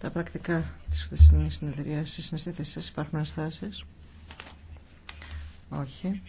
Τα πρακτικά της χθεσινής συνεδρίασης είναι στη Υπάρχουν ενστάσεις. Όχι.